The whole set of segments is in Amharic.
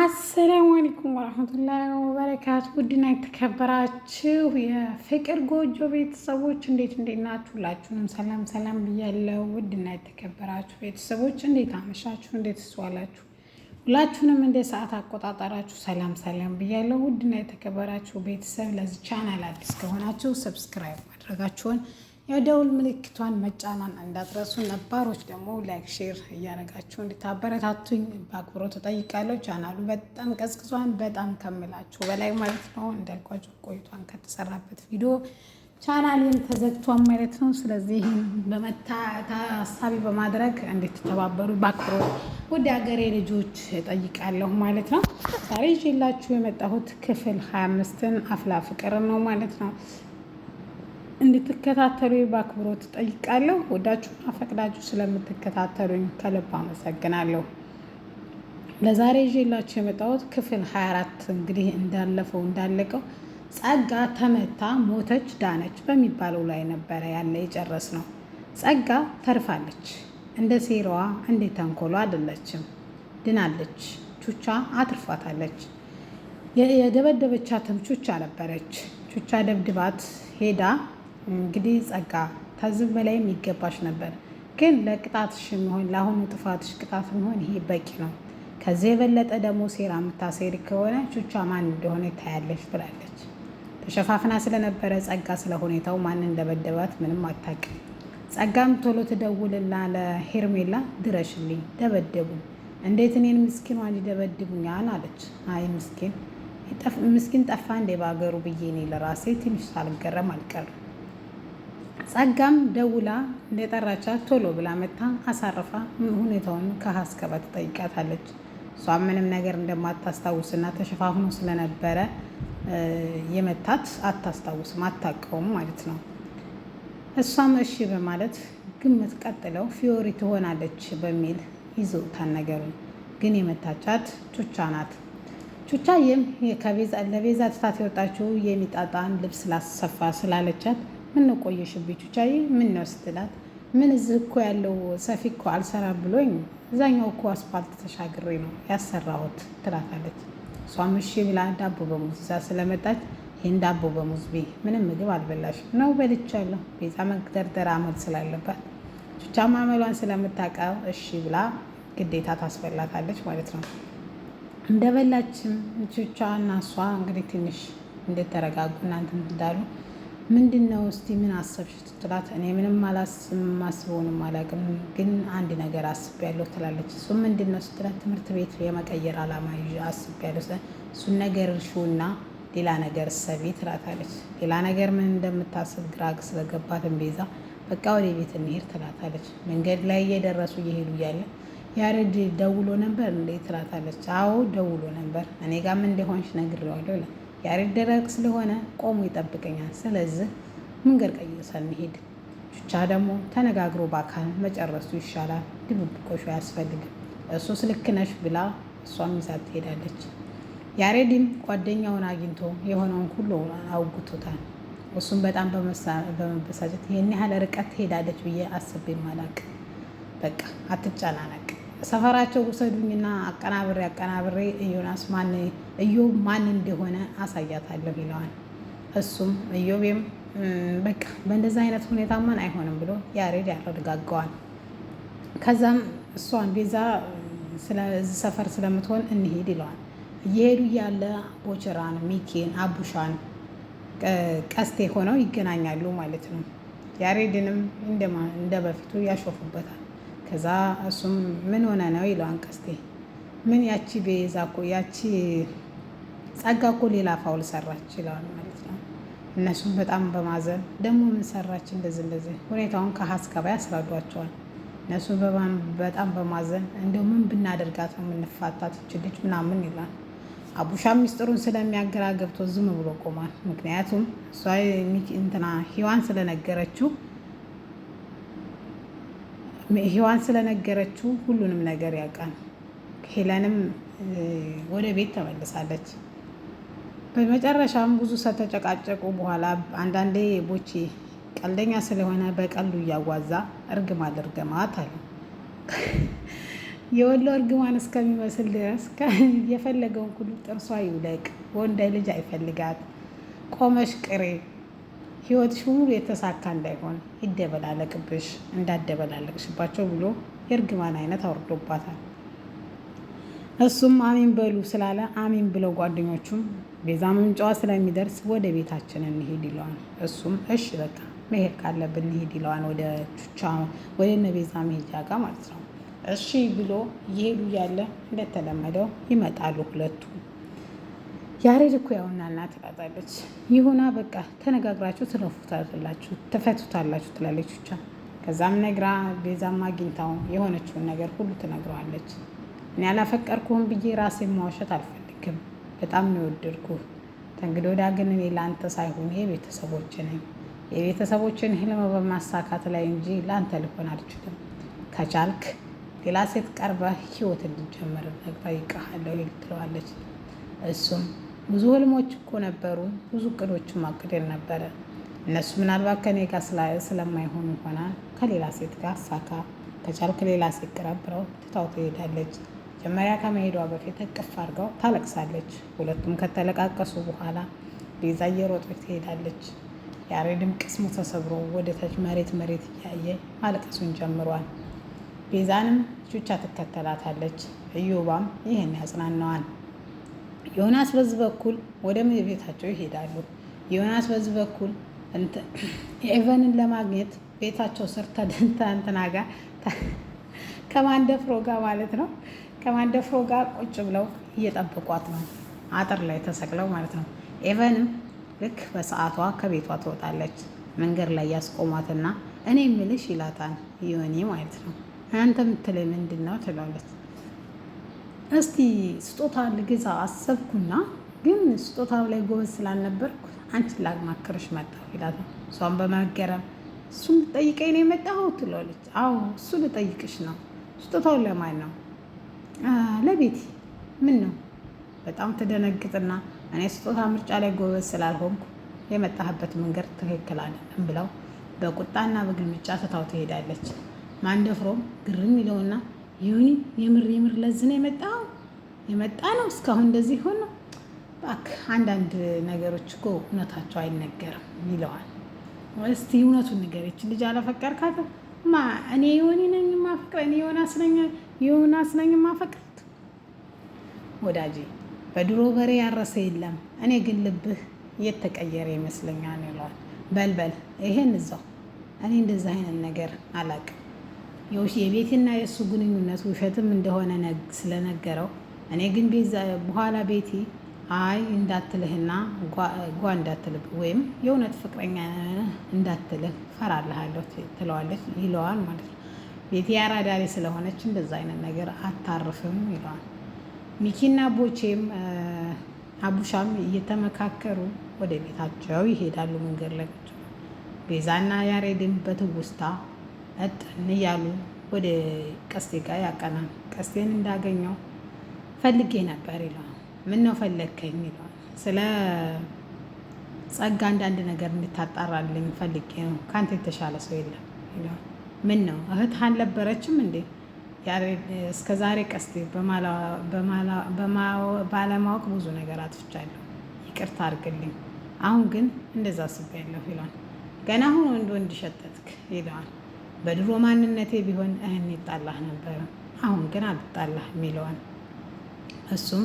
አሰላሙ አለይኩም ወረሕመቱላሂ ወበረካቱ። ውድና የተከበራችሁ የፍቅር ጎጆ ቤተሰቦች እንዴት እንዴት ናችሁ? ሁላችሁንም ሰላም ሰላም ብያለሁ። ውድና የተከበራችሁ ቤተሰቦች እንዴት አመሻችሁ? እንዴት እስዋላችሁ? ሁላችሁንም እንደ ሰዓት አቆጣጠራችሁ ሰላም ሰላም ብያለሁ። ውድና የተከበራችሁ ቤተሰብ፣ ለዚህ ቻናል አዲስ ከሆናችሁ ሰብስክራይብ ማድረጋችሁን የደውል ምልክቷን መጫኗን እንዳትረሱ። ነባሮች ደግሞ ላይክ፣ ሼር እያደረጋችሁ እንድታበረታቱኝ በአክብሮት እጠይቃለሁ። ቻናሉ በጣም ቀዝቅዟን በጣም ከምላችሁ በላይ ማለት ነው። እንዳልኳችሁ ቆይቷን ከተሰራበት ቪዲዮ ቻናሌን ተዘግቷን ማለት ነው። ስለዚህ በመታሳቢ በማድረግ እንድትተባበሩ በአክብሮት ወደ ሀገሬ ልጆች እጠይቃለሁ ማለት ነው። ዛሬ ይዤላችሁ የመጣሁት ክፍል 25ን አፍላ ፍቅር ነው ማለት ነው። እንድትከታተሉ በአክብሮት ጠይቃለሁ። ወዳችሁ አፈቅዳችሁ ስለምትከታተሉኝ ከልብ አመሰግናለሁ። ለዛሬ ይዤላችሁ የመጣሁት ክፍል 24 እንግዲህ እንዳለፈው እንዳለቀው ጸጋ ተመታ ሞተች ዳነች በሚባለው ላይ ነበረ ያለ የጨረስ ነው። ጸጋ ተርፋለች። እንደ ሴራዋ እንደ ተንኮሎ አይደለችም፣ ድናለች። ቹቻ አትርፋታለች የደበደበቻትም ቹቻ ነበረች። ቹቻ ደብድባት ሄዳ እንግዲህ ጸጋ ከዚህ በላይም ይገባሽ ነበር፣ ግን ለቅጣትሽ የሚሆን ለአሁኑ ጥፋትሽ ቅጣት የሚሆን ይሄ በቂ ነው። ከዚህ የበለጠ ደግሞ ሴራ የምታሴሪ ከሆነ ቹቻ ማን እንደሆነ ይታያለች ብላለች። ተሸፋፍና ስለነበረ ጸጋ ስለ ሁኔታው ማን እንደበደባት ምንም አታውቅም። ጸጋም ቶሎ ትደውልና ለሄርሜላ ድረሽልኝ፣ ደበደቡ እንዴት እኔን ምስኪን ዋን ይደበድቡኛል? አለች። አይ ምስኪን ምስኪን ጠፋ እንዴ በሀገሩ ብዬ እኔ ለራሴ ትንሽ ሳልገረም አልቀርም። ጸጋም ደውላ እንደጠራቻት ቶሎ ብላ መታ አሳርፋ ሁኔታውን ከሀስከባ ትጠይቃታለች። እሷ ምንም ነገር እንደማታስታውስና ተሸፋፍኖ ስለነበረ የመታት አታስታውስም፣ አታውቀውም ማለት ነው። እሷም እሺ በማለት ግምት ቀጥለው ፊዮሪ ትሆናለች በሚል ይዘውታል ነገሩን። ግን የመታቻት ቹቻ ናት። ቹቻ ከቤዛ ለቤዛ ትታት የወጣችው የሚጣጣን ልብስ ላሰፋ ስላለቻት ምን ነው ቆየሽብኝ ምን ነው ስትላት ምን እዚህ እኮ ያለው ሰፊ እኮ አልሰራ ብሎኝ እዛኛው እኮ አስፋልት ተሻግሬ ነው ያሰራሁት ትላታለች። እሷም እሺ ብላ ዳቦ በሙዝ ይዛ ስለመጣች ይህን ዳቦ በሙዝ ቤ ምንም ምግብ አልበላሽ ነው በልቻለሁ። ቤዛ መግደርደር አመል ስላለባት ቹቻም አመሏን ስለምታቀብ እሺ ብላ ግዴታ ታስበላታለች ማለት ነው። እንደበላችም ቹቻ እና እሷ እንግዲህ ትንሽ እንደተረጋጉ እናንተ እንዳሉ ምንድን ነው እስቲ ምን አሰብሽ ስትላት እኔ ምንም ማስበውንም አላውቅም፣ ግን አንድ ነገር አስቤያለሁ ትላለች። እሱ ምንድን ነው ስትላት ትምህርት ቤት የመቀየር አላማ ይዤ አስቤያለሁ፣ እሱን ነገር እርሺውና ሌላ ነገር ሰቢ ትላታለች። ሌላ ነገር ምን እንደምታስብ ግራ ስለገባትን ቤዛ በቃ ወደ ቤት እንሄድ ትላታለች። መንገድ ላይ እየደረሱ እየሄዱ እያለ ያረድ ደውሎ ነበር እንዴ ትላታለች። አዎ ደውሎ ነበር፣ እኔ ጋም እንደሆንሽ ነግሬዋለሁ ያሬድ ደረቅ ስለሆነ ቆሞ ይጠብቀኛል። ስለዚህ መንገድ ቀይሰን እንሂድ። ቹቻ ደግሞ ተነጋግሮ በአካል መጨረሱ ይሻላል፣ ድብብቆሹ አያስፈልግም። እሱስ ልክ ነሽ ብላ እሷም ይዛ ትሄዳለች። ያሬድም ጓደኛውን አግኝቶ የሆነውን ሁሉ አውግቶታል። እሱም በጣም በመበሳጨት ይህን ያህል ርቀት ትሄዳለች ብዬ አስቤ ማላቅ፣ በቃ አትጨናነቅ ሰፈራቸው ውሰዱኝና አቀናብሬ አቀናብሬ እዮናስ ማን እዮብ ማን እንደሆነ አሳያታለሁ ይለዋል። እሱም እዮቤም በቃ በእንደዚ አይነት ሁኔታ ማን አይሆንም ብሎ ያሬድ ያረጋገዋል። ከዛም እሷን ቤዛ ስለዚህ ሰፈር ስለምትሆን እንሄድ ይለዋል። እየሄዱ እያለ ቦችራን፣ ሚኬን፣ አቡሻን ቀስቴ ሆነው ይገናኛሉ ማለት ነው። ያሬድንም እንደ በፊቱ ያሾፉበታል። ከዛ እሱም ምን ሆነ ነው ይለዋን ቀስቴ ምን ያቺ ቤዛ እኮ ያቺ ጸጋ እኮ ሌላ ፋውል ሰራች ይለዋል ማለት ነው። እነሱም በጣም በማዘን ደግሞ ምን ሰራች እንደዚህ እንደዚህ ሁኔታውን ከሀስከባይ ያስረዷቸዋል። እነሱ በጣም በማዘን እንደው ምን ብናደርጋት ነው የምንፋታት ልጅ ምናምን ይላል። አቡሻ ሚስጥሩን ስለሚያገራ ገብቶ ዝም ብሎ ቆሟል። ምክንያቱም እሷ እንትና ሂዋን ስለነገረችው ሔዋን ስለነገረችው ሁሉንም ነገር ያውቃል። ሄለንም ወደ ቤት ተመልሳለች። በመጨረሻም ብዙ ከተጨቃጨቁ በኋላ አንዳንዴ ቦቼ ቀልደኛ ስለሆነ በቀሉ እያዋዛ እርግማን እርገማት አሉ። የወሎ እርግማን እስከሚመስል ድረስ የፈለገውን ሁሉ ጥርሷ ይውለቅ፣ ወንድ ልጅ አይፈልጋት፣ ቆመሽ ቅሬ ህይወትሽ ሙሉ የተሳካ እንዳይሆን ይደበላለቅብሽ እንዳደበላለቅሽባቸው ብሎ የእርግማን አይነት አውርዶባታል። እሱም አሚን በሉ ስላለ አሚን ብለው ጓደኞቹም ቤዛ ምንጫዋ ስለሚደርስ ወደ ቤታችን እንሄድ ይለዋል። እሱም እሽ በቃ መሄድ ካለብን እንሄድ ይለዋል። ወደ ቹቻ ወደ እነ ቤዛ መሄጃ ጋር ማለት ነው። እሺ ብሎ እየሄዱ እያለ እንደተለመደው ይመጣሉ ሁለቱም። ያሬድ እኮ ያውናልና ትላታለች። ይሁና በቃ ተነጋግራችሁ ትለፉታላችሁ ትፈቱታላችሁ ትላለች ብቻ። ከዛም ነግራ ቤዛም አግኝታው የሆነችውን ነገር ሁሉ ትነግረዋለች። እኔ ያላፈቀርኩህም ብዬ ራሴ ማዋሸት አልፈልግም። በጣም ነው የወደድኩህ። ተንግዶ ዳግን እኔ ለአንተ ሳይሆን የቤተሰቦች ነኝ። የቤተሰቦችን ህልም በማሳካት ላይ እንጂ ለአንተ ልሆን አልችልም። ከቻልክ ሌላ ሴት ቀርበህ ህይወት እንዲጀመር ነግራ ይቀሃለሁ ትለዋለች። እሱም ብዙ ህልሞች እኮ ነበሩ፣ ብዙ እቅዶች አቅደን ነበረ። እነሱ ምናልባት ከኔ ጋር ስለማይሆኑ ይሆናል ከሌላ ሴት ጋር ሳካ ከቻልክ ከሌላ ሴት ቅረብረው ትታው ትሄዳለች። መጀመሪያ ከመሄዷ በፊት እቅፍ አድርገው ታለቅሳለች። ሁለቱም ከተለቃቀሱ በኋላ ቤዛ እየሮጠች ትሄዳለች። ያሬድም ቅስሙ ተሰብሮ ወደታች መሬት መሬት እያየ ማለቀሱን ጀምሯል። ቤዛንም ቹቻ ትከተላታለች። እዮባም ይህን ያጽናናዋል። ዮናስ በዚህ በኩል ወደ ምድር ቤታቸው ይሄዳሉ። ዮናስ በዚህ በኩል ኤቨንን ለማግኘት ቤታቸው ስር ተንትና ጋር ከማንደፍሮ ጋር ማለት ነው ከማንደፍሮ ጋር ቁጭ ብለው እየጠብቋት ነው፣ አጥር ላይ ተሰቅለው ማለት ነው። ኤቨንም ልክ በሰዓቷ ከቤቷ ትወጣለች። መንገድ ላይ ያስቆሟትና እኔ የምልሽ ይላታል ዮኒ ማለት ነው። አንተ የምትለኝ ምንድን ነው ትላለች። እስቲ ስጦታ ልገዛ አሰብኩና ግን ስጦታው ላይ ጎበዝ ስላልነበርኩ አንቺን ላማክርሽ መጣሁ ይላታል። እሷን በመገረም እሱን ልጠይቀኝ ነው የመጣኸው ትለዋለች። አዎ እሱ ልጠይቅሽ ነው። ስጦታው ለማን ነው? ለቤቲ። ምን ነው? በጣም ትደነግጥና እኔ ስጦታ ምርጫ ላይ ጎበዝ ስላልሆንኩ የመጣህበት መንገድ ትክክል አይደለም ብለው በቁጣና በግልምጫ ትታው ትሄዳለች። ማንደፍሮም ግርም ይለውና ይሁኒ የምር የምር ለዝነ የመጣው የመጣ ነው እስካሁን እንደዚህ ሆኖ እባክህ አንዳንድ ነገሮች እኮ እውነታቸው አይነገርም ይለዋል። እስቲ እውነቱን ንገሪች ልጅ አላፈቀርካትም? ማ እኔ የሆኒ ነኝ ማፈቅር እኔ ዮናስ ነኝ ዮናስ አስነኝ ማፈቅረት ወዳጄ በድሮ በሬ ያረሰ የለም እኔ ግን ልብህ የተቀየረ ይመስለኛል ይለዋል። በልበል ይሄን እዛው እኔ እንደዚህ አይነት ነገር አላውቅም የቤቴና የእሱ ግንኙነት ውሸትም እንደሆነ ስለነገረው እኔ ግን በኋላ ቤቲ አይ እንዳትልህና ጓ እንዳትልህ ወይም የእውነት ፍቅረኛ እንዳትልህ ፈራልሃለሁ ትለዋለች ይለዋል ማለት ነው። ቤቲ አራዳሪ ስለሆነች እንደዛ አይነት ነገር አታርፍም ይለዋል። ሚኪና ቦቼም አቡሻም እየተመካከሩ ወደ ቤታቸው ይሄዳሉ። መንገድ ላይ ቤዛና ያሬድን በትውስታ እጥን እያሉ ወደ ቀስቴ ጋር ያቀናል። ቀስቴን እንዳገኘው ፈልጌ ነበር ይለዋል። ምን ነው ፈለግከኝ? ይለዋል። ስለ ጸጋ አንዳንድ ነገር እንድታጣራልኝ ፈልጌ ነው። ከአንተ የተሻለ ሰው የለም ይለዋል። ምን ነው እህት አልነበረችም እንዴ? እስከ ዛሬ ቀስቴ ባለማወቅ ብዙ ነገር አጥፍቻለሁ፣ ይቅርታ አድርግልኝ። አሁን ግን እንደዛ አስቤያለሁ ይለዋል። ገና አሁን ወንድ ወንድ ሸጠትክ ይለዋል። በድሮ ማንነቴ ቢሆን እህን ይጣላህ ነበረ። አሁን ግን አልጣላህ የሚለዋል። እሱም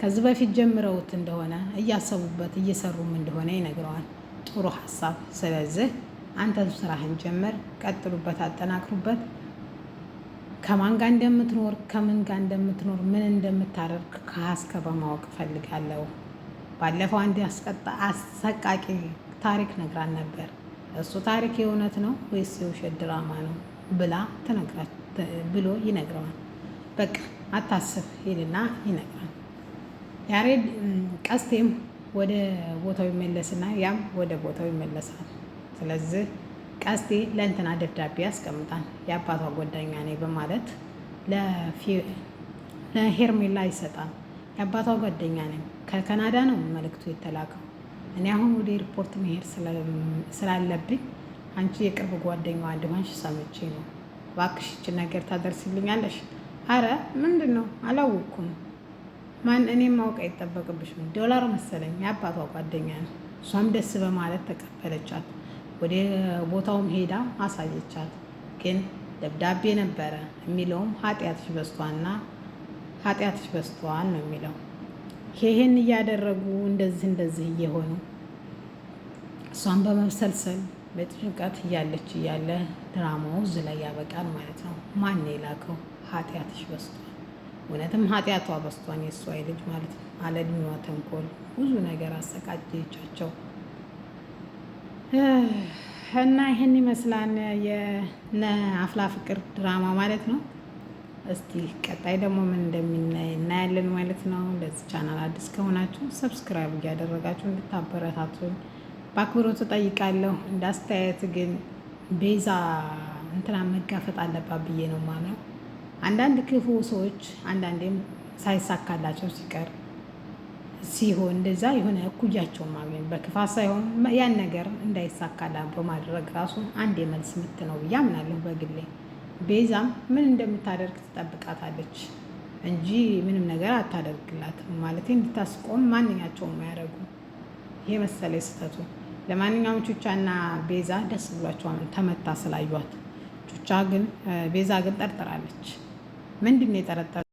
ከዚህ በፊት ጀምረውት እንደሆነ እያሰቡበት እየሰሩም እንደሆነ ይነግረዋል። ጥሩ ሀሳብ። ስለዚህ አንተም ስራህን ጀምር፣ ቀጥሉበት፣ አጠናክሩበት። ከማን ጋር እንደምትኖር ከምን ጋር እንደምትኖር ምን እንደምታደርግ ከሀስከ በማወቅ ፈልጋለሁ። ባለፈው አንድ አሰቃቂ ታሪክ ነግራን ነበር። እሱ ታሪክ የእውነት ነው ወይስ የውሸት ድራማ ነው ብላ ብሎ ይነግረዋል። በቃ አታስብ ሂድና ይነግራል። ያሬድ ቀስቴም ወደ ቦታው ይመለስና ያም ወደ ቦታው ይመለሳል። ስለዚህ ቀስቴ ለእንትና ደብዳቤ ያስቀምጣል። የአባቷ ጓደኛ ነኝ በማለት ለሄርሜላ ይሰጣል። የአባቷ ጓደኛ ነኝ ከካናዳ ነው መልእክቱ የተላከው እኔ አሁን ወደ ኤርፖርት መሄድ ስላለብኝ አንቺ የቅርብ ጓደኛዋ እንደሆንሽ ሰምቼ ነው። እባክሽ ይህችን ነገር ታደርሲልኛለሽ? አረ ምንድን ነው አላወቅኩም። ማን እኔም ማወቅ አይጠበቅብሽም። ዶላር መሰለኝ የአባቷ ጓደኛ ነው። እሷም ደስ በማለት ተቀበለቻት። ወደ ቦታውም ሄዳ አሳየቻት። ግን ደብዳቤ ነበረ የሚለውም ኃጢአትሽ በስቷና ኃጢአትሽ በስቷን ነው የሚለው ይሄን እያደረጉ እንደዚህ እንደዚህ እየሆኑ እሷን በመብሰልሰል በጭንቀት እያለች እያለ ድራማው እዚህ ላይ ያበቃል ማለት ነው። ማን የላከው? ኃጢአትሽ በስቷል። እውነትም ኃጢአቷ በስቷን የእሷ ልጅ ማለት ነው። አለድሜዋ ተንኮል ብዙ ነገር አሰቃጀቻቸው እና ይህን ይመስላል የነ አፍላ ፍቅር ድራማ ማለት ነው። እስቲ ቀጣይ ደግሞ ምን እንደሚናይ እናያለን ማለት ነው። ለዚህ ቻናል አዲስ ከሆናችሁ ሰብስክራይብ እያደረጋችሁ እንድታበረታቱን በአክብሮት እጠይቃለሁ። እንደ አስተያየት ግን ቤዛ እንትና መጋፈጥ አለባት ብዬ ነው ማምነው። አንዳንድ ክፉ ሰዎች አንዳንዴም ሳይሳካላቸው ሲቀር ሲሆን እንደዛ የሆነ እኩያቸው ማግኘት በክፋት ሳይሆን ያን ነገር እንዳይሳካላ በማድረግ ራሱ አንድ የመልስ ምት ነው ብዬ አምናለሁ በግሌ። ቤዛም ምን እንደምታደርግ ትጠብቃታለች እንጂ ምንም ነገር አታደርግላትም። ማለት እንድታስቆም ማንኛቸውም ያደረጉ ይሄ መሰለ ስህተቱ። ለማንኛውም ቹቻና ቤዛ ደስ ብሏቸዋል ተመታ ስላዩት። ቹቻ ግን ቤዛ ግን ጠርጥራለች። ምንድን ነው የጠረጠረ